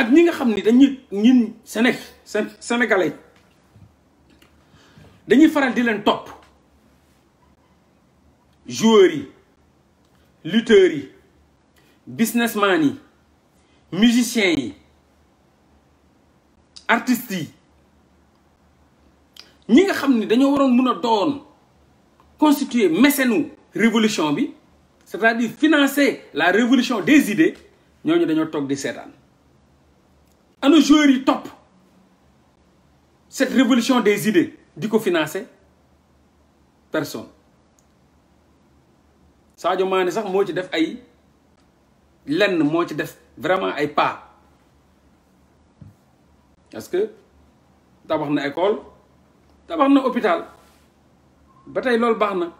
ak ñi nga xam ni dañuy ñun Séné Sénégalais dañuy faral di leen topp joueurs yi lutteurs yi businessman yi musiciens yi artistes yi ñi nga xam ni dañoo waroon mun a doon constituer messenu révolution bi c'est-à-dire financer la révolution des idées ñooñu dañoo toog di seetaan ana joueurs yi topp cette révolution des idées di ko financer person Sadio Mané sax moo ci def ay lenn moo ci def vraiment ay pas parce que tabax na école tabax na hôpital ba tey loolu baax na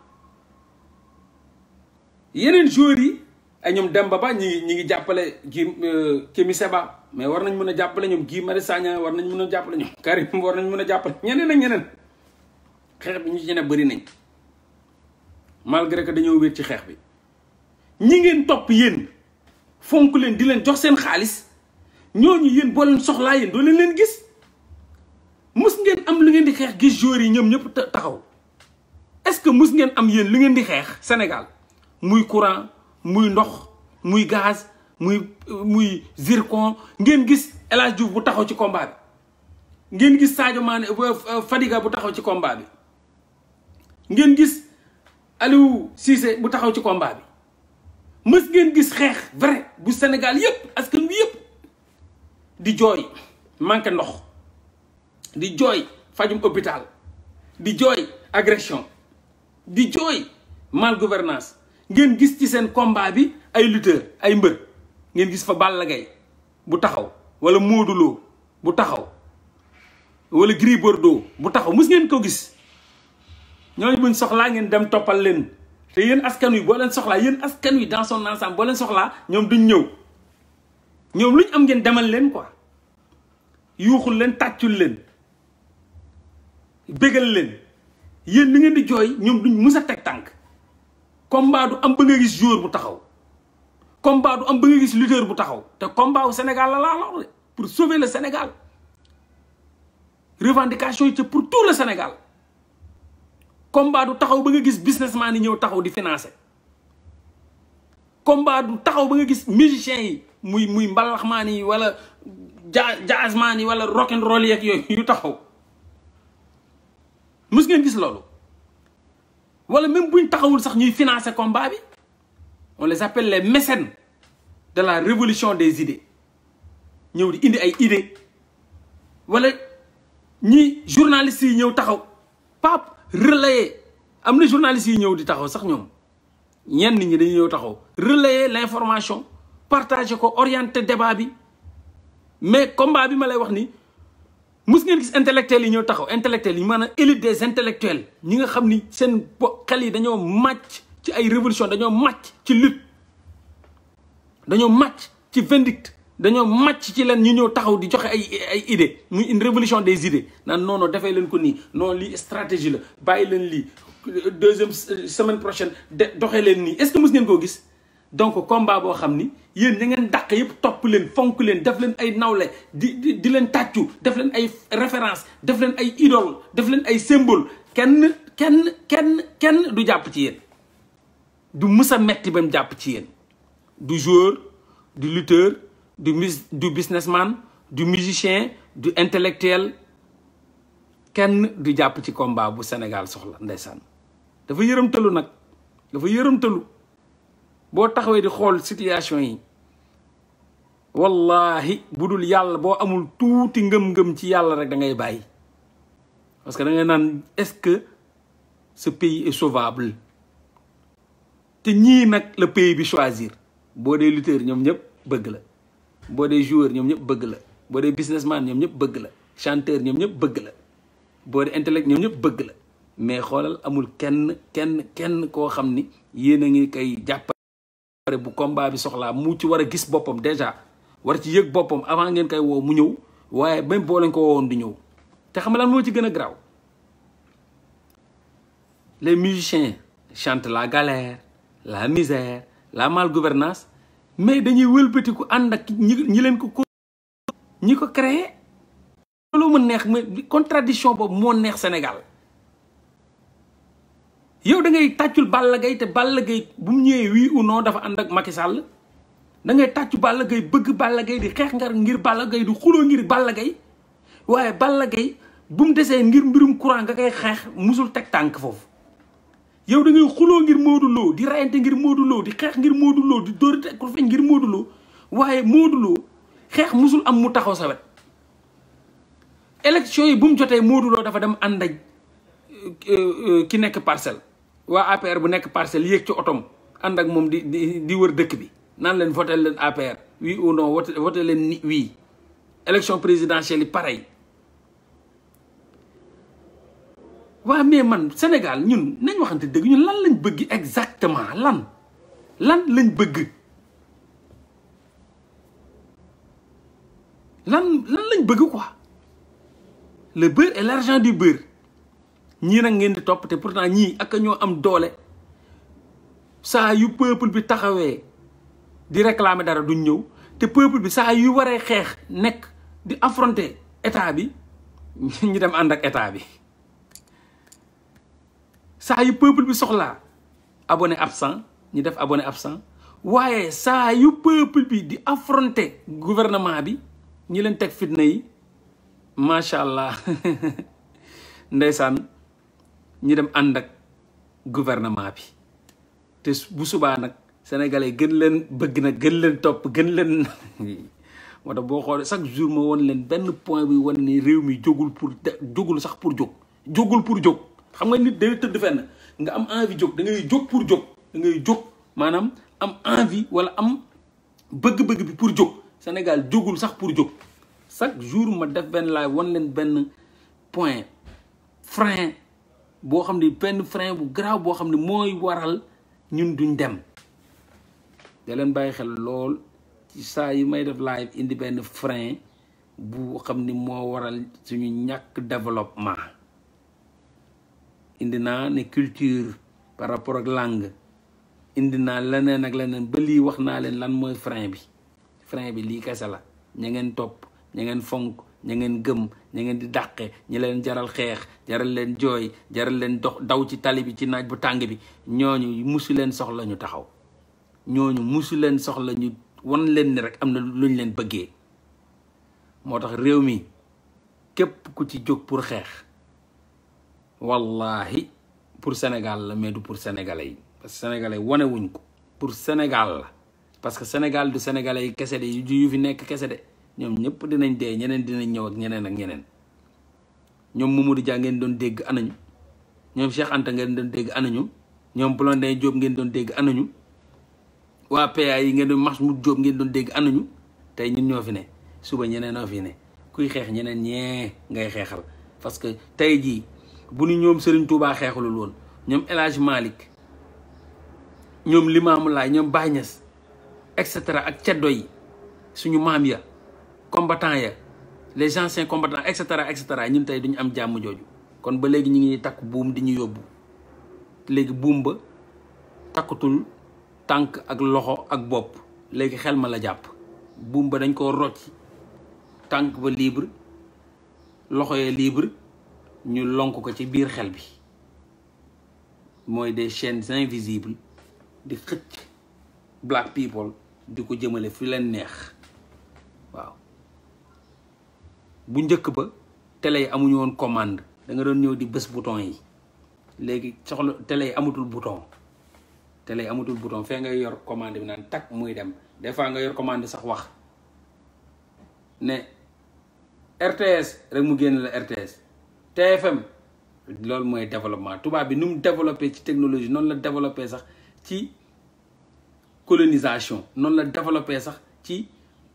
yeneen joueurs yi. ay eh, ñoom dem Ba ñi ngi ñi ngi jàppale gi euh, Kémi ba mais war nañ mën a jàppale ñoom Guy Marius Sagna war nañ mën a jàppale ñoom Karim war nañ mën a jàppale ñeneen ak ñeneen xeex bi ñu ci ne bëri nañ malgré que dañoo wéet ci xeex bi ñi ngeen topp yéen fonk leen di leen jox seen xaalis ñooñu yéen boo leen soxlaa yéen doo leen leen gis mus ngeen am lu ngeen di xeex gis joueurs yi ñoom ñëpp taxaw est-ce que mus ngeen am yéen lu ngeen di xeex Sénégal muy courant muy ndox muy gaz muy muy zircon ngeen gis El Hadj bu taxaw ci combat bi ngeen gis Sadio Mané euh, Fadiga bu taxaw ci combat bi ngeen gis Aliou Cissé bu taxaw ci combat bi mës ngeen gis xeex vrai bu Sénégal yëpp askan wi yëpp di jooy manqué ndox di jooy fajum hôpital di jooy agression di jooy mal gouvernance ngeen gis ci seen combat bi ay lutteur ay mbër ngeen gis fa Balla Gaye bu taxaw wala Modou bu taxaw wala Gris Bordeaux bu taxaw mus ngeen ko gis ñooñu buñ soxlaa ngeen dem toppal leen te yéen askan wi boo leen soxlaa yéen askan wi dans son ensemble boo leen ñoom duñ ñëw ñoom luñ am ngeen demal leen ko yuuxul leen tàccul leen bégal leen yéen li ngeen di jooy ñoom duñ mus a teg tànk combat du am ba nga gis joueur bu taxaw combat du am ba nga gis lutteur bu taxaw te combat wu Sénégal la laa lor pour sauver la Sénégal révendication yi ca pour tout le Sénégal combat du taxaw ba nga gis businessman yi ñëw taxaw di financer combat du taxaw ba nga gis musiciens yi muy muy mbalaxmaan yi walla ja jazzman yi wala rock and roll yeeg yooyu yu taxaw mës ngeen gis loolu wala même buñ taxawul sax ñuy financer combat bi on les appelle les mécènes de la révolution des idées ñëw di indi ay idées wala ñi journalistes yi ñëw taxaw pap relayer am na journalistes yi ñëw di taxaw sax ñoom ñenn ñi dañuy ñëw taxaw relayer l'information partager ko orienter débat bi mais combat bi ma lay wax nii mus ngeen gis intellectuels yi ñoo taxaw intellectuels yi maanaam élite des intellectuels ñi nga xam ni seen xel yi dañoo màcc ci ay révolution dañoo màcc ci lut dañoo màcc ci vindicte màcc ci leen ñu ñëw taxaw di joxe ay ay idées muy une révolution des idées naan noonu non defee leen ko nii non lii stratégie la bàyyi leen lii deuxième euh, semaine prochaine de doxee leen nii est-ce que mus ngeen koo gis. donc combat boo xam ni yéen ña ngeen dàq yëpp topp leen fonk leen def leen ay nawle di di leen tàccu def leen ay référence def leen ay idole def leen ay symbole kenn kenn kenn kenn du jàpp ci du mës a metti jàpp ci yéen du joueur du lutteur du mus du businessman du musicien du intellectuel kenn du jàpp ci combat bu Sénégal soxla ndeysaan dafa yërëmtalu nag dafa yërëmtalu boo taxawee di xool situation yi wallahi bu dul yàlla boo amul tuuti ngëm-ngëm ci yàlla rek da ngay bàyyi parce que da ngay naan est-ce que ce pays est sauvable te ñii nag la pays bi choisir boo dee lutteur ñoom ñëpp bëgg la boo dee joueur ñoom ñëpp bëgg la boo dee businessman ñoom ñëpp bëgg la chanteur ñoom ñëpp bëgg la boo dee intellect ñoom ñëpp bëgg la mais xoolal amul kenn kenn kenn koo xam ni yéen a ngi koy jàppal bu combat bi soxlaa mu ci war a gis boppam déjà war ci yëg boppam avant ngeen koy woo mu ñëw waaye même boo leen ko wowoon du ñëw te xam lan moo ci gën a garaaw les musiciens chantent la galère la misère la gouvernance mais dañuy wëlbatiku ànd ak ñi ñi leen ko ko ñi ko créé loolu mu neex mais contradiction boobu moo neex Sénégal yow da ngay tàccul Balla Gaye te Balla Gaye bu mu ñëwee wii ou non dafa ànd ak Macky Sall da ngay tàccu bëgg Balla Gaye di xeex ngar ngir Balla gay di xuloo ngir Balla Gaye waaye Balla Gaye bu mu desee ngir mbirum courant nga koy xeex mosul teg tànk foofu yow da ngay xuloo ngir Modou di rayante ngir mooduloo di xeex ngir Modou di dóori teg ko ngir Modou waaye Modou xeex mosul am mu taxaw sa wet élection yi bu mu jotee Modou Lo dafa dem ànd euh, euh, ki nekk parcelle waa APR bu nekk parcelle yéeg ci otom ànd ak moom di di di wër dëkk bi nan leen voté leen APR oui ou non voté voté leen ni oui élection présidentielle yi pareil waa mais man Sénégal ñun nañ waxante dëgg ñun lan lañ bëgg exactement lan lan lañ bëgg lan lan lañ bëgg quoi le beurre et l'argent du beurre ñii nag ngeen di topp te pourtant ñii ak ñoo am doole saa yu peuple bi taxawee di réclamer dara duñ ñëw te peuple bi saa yu waree xeex nekk di affronter état bi ñu dem ànd ak état bi saa yu peuple bi soxlaa abonné absent ñu def abonné absent waaye saa yu peuple bi di affronter gouvernement bi ñi leen teg fitna yi macha allah ndeysaan ñu dem ànd ak gouvernement bi te bu subaa nag sénégalais gën leen bëgg na gën leen topp gën leen moo tax boo xoolee chaque jour ma won leen benn point bi wan ni réew mi jógul pour jógul sax pour jóg jógul pour jóg xam nga nit day tëdd nga am envie jóg da ngay jóg pour jóg da ngay jóg maanaam am envie wala am bëgg-bëgg bi pour jóg Sénégal jógul sax pour jóg chaque jour ma def benn laay wan leen benn point frein boo xam ne benn frain bu garaaw boo xam ne mooy waral ñun duñ dem da leen bàyyi xel lool ci saa yi may def live indi benn frain bu xam ni moo waral suñu ñàkk développement indi naa ne culture par rapport ak langue indi naa leneen ak leneen ba lii wax naa leen lan mooy frain bi frein bi lii kese la ña ngeen topp ña ngeen fonk ña ngeen gëm ña ngeen di dàqe ñi leen jaral xeex jaral leen jooy jaral leen dox daw ci tali bi ci naaj bu tàng bi ñooñu musu leen soxla ñu taxaw ñooñu musu leen soxla ñu wan leen ni rek am na luñ leen bëggee moo tax réew mi képp ku ci jóg pour xeex wallahi pour senegal la mais du pour sénégalais yi parce que ko pour Sénégal la du sénégalais yi kese de yu fi nekk kese de ñoom ñëpp dinañ dee ñeneen dinañ ñëw ak ñeneen ak ñeneen ñoom Mamadou Dia ngeen doon dégg anañu ñoom seexanta ngeen doon dégg anañu ñoom Blondin Diop ngeen doon dégg anañu waa PA yi ngeen doon Mahmoud Diop ngeen doon dégg anañu tey ñun ñoo fi ne suba ñeneen ñoo fi ne kuy xeex ñeneen ñee ngay xeexal parce que tey jii bu nu ñoom Serigne Touba xeexalul woon ñoom El Hadj ñoom Limaamu Laay ñoom Baay Ñas cetera ak ceddo yi suñu maam ya combattants ya les anciens combattants et cetera et cetera ñun tey duñu am jàmm jooju kon ba léegi ñu ngi takk buum di ñu yóbbu léegi buum ba takkatul tànk ak loxo ak bopp léegi xel ma la jàpp buum ba dañ koo rocci tànk ba libre loxo ya libre ñu lonk ko ci biir xel bi mooy des chaînes invisibles di xëcc black people di ko jëmale fu leen neex bu njëkk ba télé yi amuñu woon commande da nga doon ñëw di bés bouton yi léegi soxla télé yi amatul bouton télé yi amatul bouton fee ngay yor commande bi naan takk muy dem des fois nga yor commande sax wax ne RTS rek mu génn la RTS TFM loolu mooy développement tubaab bi nu mu développé ci technologie noonu la développé sax ci colonisation noonu la développé sax ci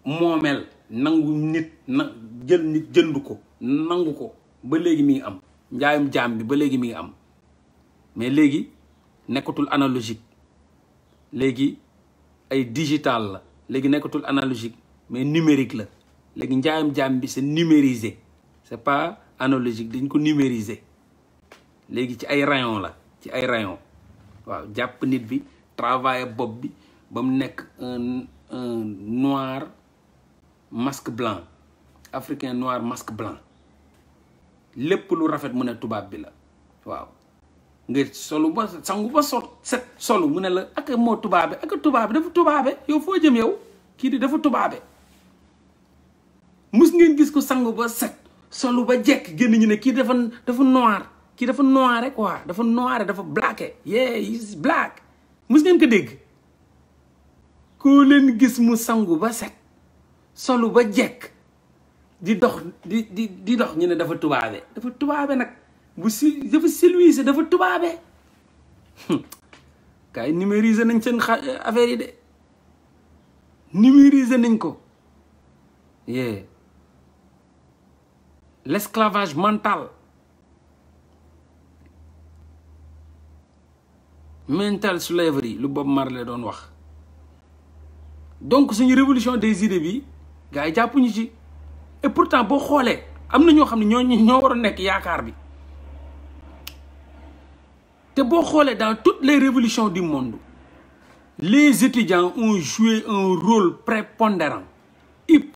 moomeel nangu nit na jël nit jënd ko nangu ko ba léegi mi am njaayum jaam bi ba léegi mi ngi am mais léegi nekkatul analogique léegi ay digital la léegi nekkatul analogique mais numérique la léegi njaayum jaam bi c'est numérisé c'est pas analogique dañ ko numériser léegi ci ay rayon la ci ay rayon waaw jàpp nit bi travailler bopp bi ba mu nekk un noir masque blanc africain noir masque blanc lépp lu rafet mu ne tubaab bi la waaw nga solu ba sangu ba sol set solu mu ne la ak moo tubaabe ak tubaabe dafa tubaabe yow foo jëm yow kii di dafa tubaabe mus ngeen gis ko sangu ba set solu ba jekk génn ñu ne kii dafa dafa noir kii dafa noire quoi dafa noire dafa blacké yeah is black mus ngeen ko dégg koo leen gis mu sangu ba set solu ba jekk di dox di di di dox ñu ne dafa tubaabe dafa tubaabe nag bu si dafa silwiise dafa tubaabe gars yi numériser nañ seen affaire yi de numériser nañ ko yee l'esclavage mental mental slavery lu Bob Marley doon wax donc suñu révolution des idées bi gars yi jàppuñu ci et pourtant boo xoolee am na ñoo xam ne ñoo ñoo war a nekk yaakaar bi te boo xoolee dans toutes les révolutions du monde les étudiants ont joué un rôle prépondérant